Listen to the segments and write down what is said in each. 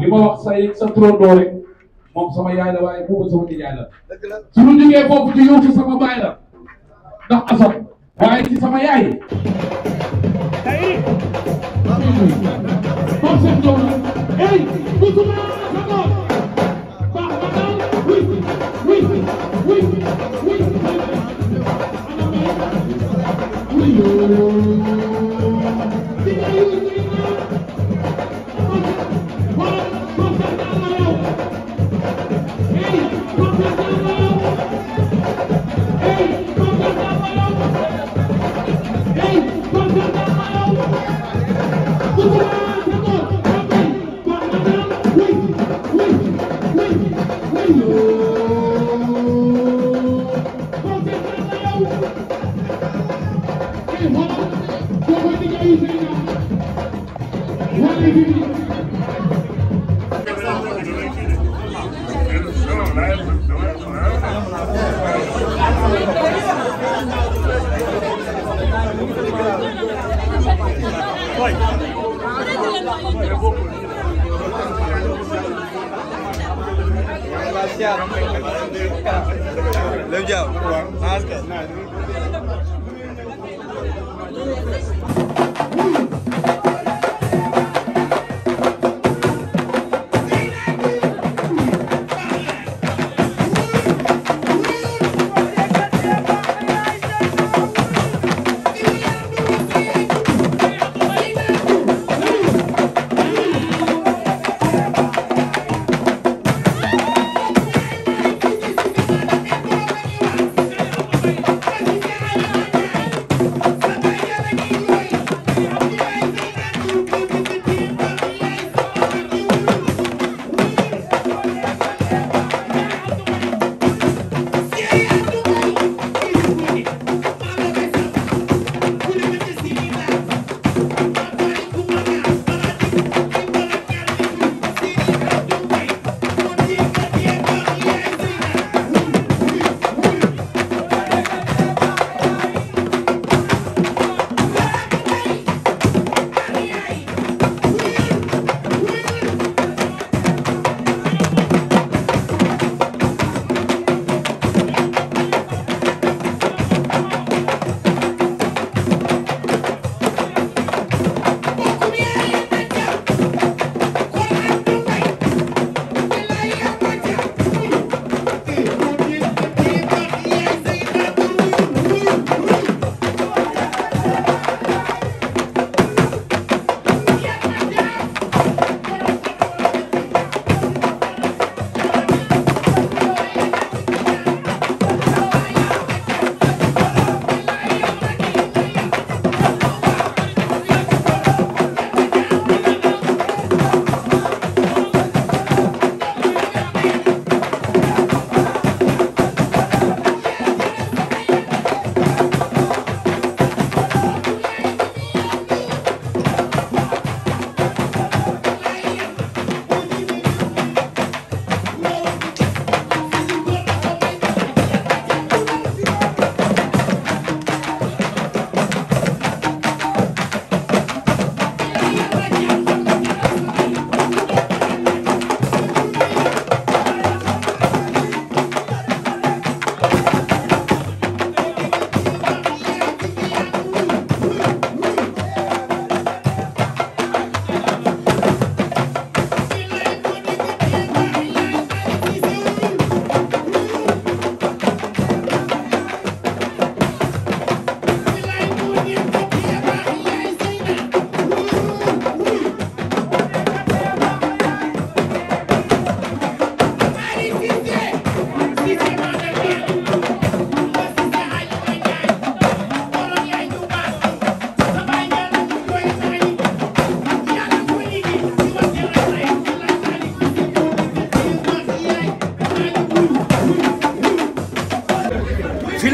li ma wax say sa turandoo rek moom sama yaay la waaye boobu sama nijaay la suñu jógee foofu ci yow ci sama baay la ndax asal waaye ci sama yaay ay comme seen doom la ay Lem Diaw askan Thank you.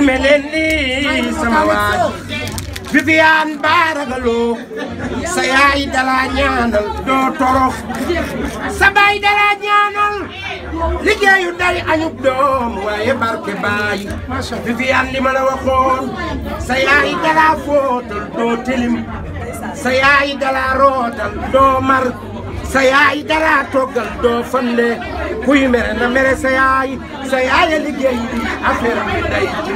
filmé leen nii sama waaj Viviane baaragaloo sa yaay dala ñaanal doo torof sa baay dala ñaanal liggéeyu day añub doom waaye barke baay Viviane li ma la waxoon sa yaay dala fóotal doo tilim sa yaay dala rootal doo mar sa yaay dala toggal doo fande kuy mere na mere sa yaay sa yaay a liggéey affaire bi ci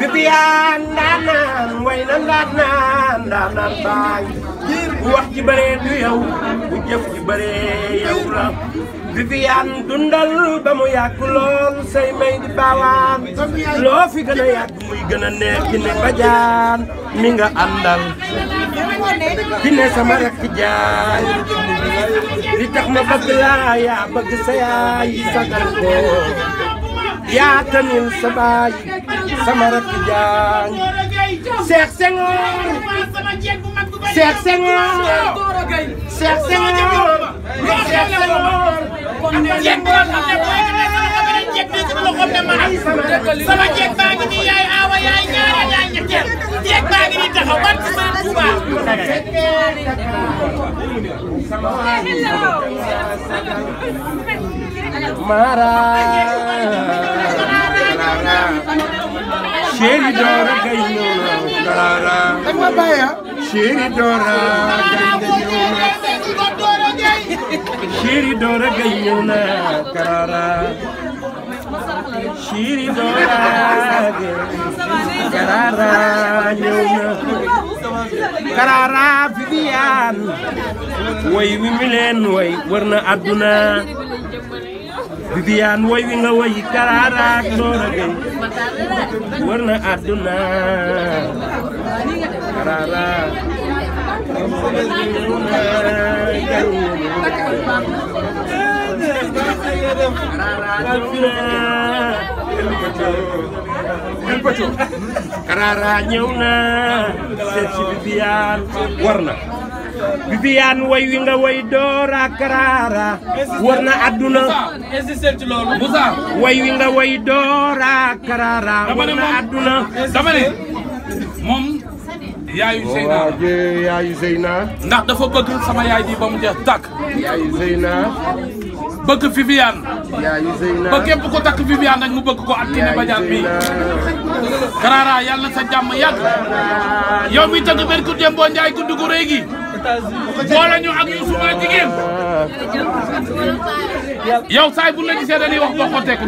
Viviane daan naan way na daan naan daan baay bu wax ci bëree du yow bu jëf ci bëree yow la Viviane dundal ba mu yàgg lool say may di baawaan loo fi gën a muy gën a nekk ne bajaan mi nga àndal Kiné sama rakk jaay li tax ma bëgg laa yaa bëgg sa yaay sagal ko yaa tanil sa sama rakk jaay Seex Senghor Seex Senghor Seex Senghor jeg bi ci loxoom ne man sama jeg baa ngi nii yaay aawa yaay ñaara yaay ñetteel jeg baa ngi nii taxaw war ci seen Touba mara chéri Dora gay ñëw na dara dama bàyyi ah. chéri Dora gay ñëw na chéri Dora gay ñëw na dara Chiri doorage Karara ñëw na Karara Viviane mi leen woy wër na àdduna Viviane woy wi nga woy Karara ak doorage wër na àdduna Karara ñëw na El Pacho Karara ñëw na seet si Viviane war na Viviane way wi nga way doora Karara war na àdduna way wi nga way doora Karara war na àdduna dama ne moom yaayu Zeyna waaw Zeyna ndax dafa bëgg sama yaay ji ba mu jeex tàkk yaayu Zeyna bëgg Viviane ba képp ko takk Viviane rek mu bëgg ko ak Kiné Badiane bi Karaara yàlla na sa jàmm yàgg yow mi tëgg Berkou Dembo Ndiaye guddi gu rëy gi boole ñu ak Youssouma jigéen yow saay bu la gisee dañuy wax boo ko teg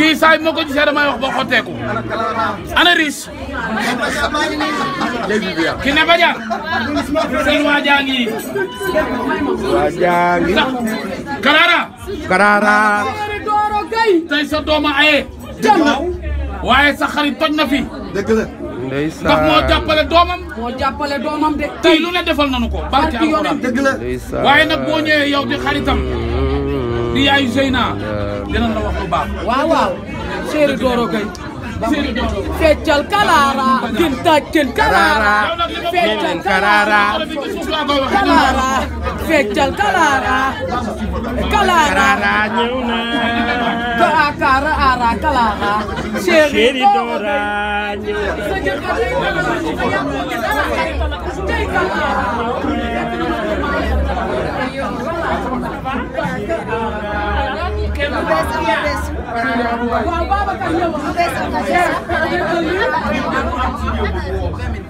ki say moko ci gisee damay wax boo xotteeku ana riche ki ne bajaan seen waa jaangi waa jaangi karara karara tey sa dooma aye waye sa xarit toj na fi dëgg la ndax mo jappale domam mo jappale domam de tay lu ne defal nanu ko barke alxuraan dëgg la waye nak bo ñewé yow di xaritam di ay Zeyna dinañ la wax lu baax waaw waaw Chéri Doro Gaye feccal kalara gin tàccen kalara feccal kalara kalara feccal kalara kalara ñëw na kaara ara kalara Chéri Doro ñëw Waaw the best.